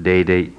Day.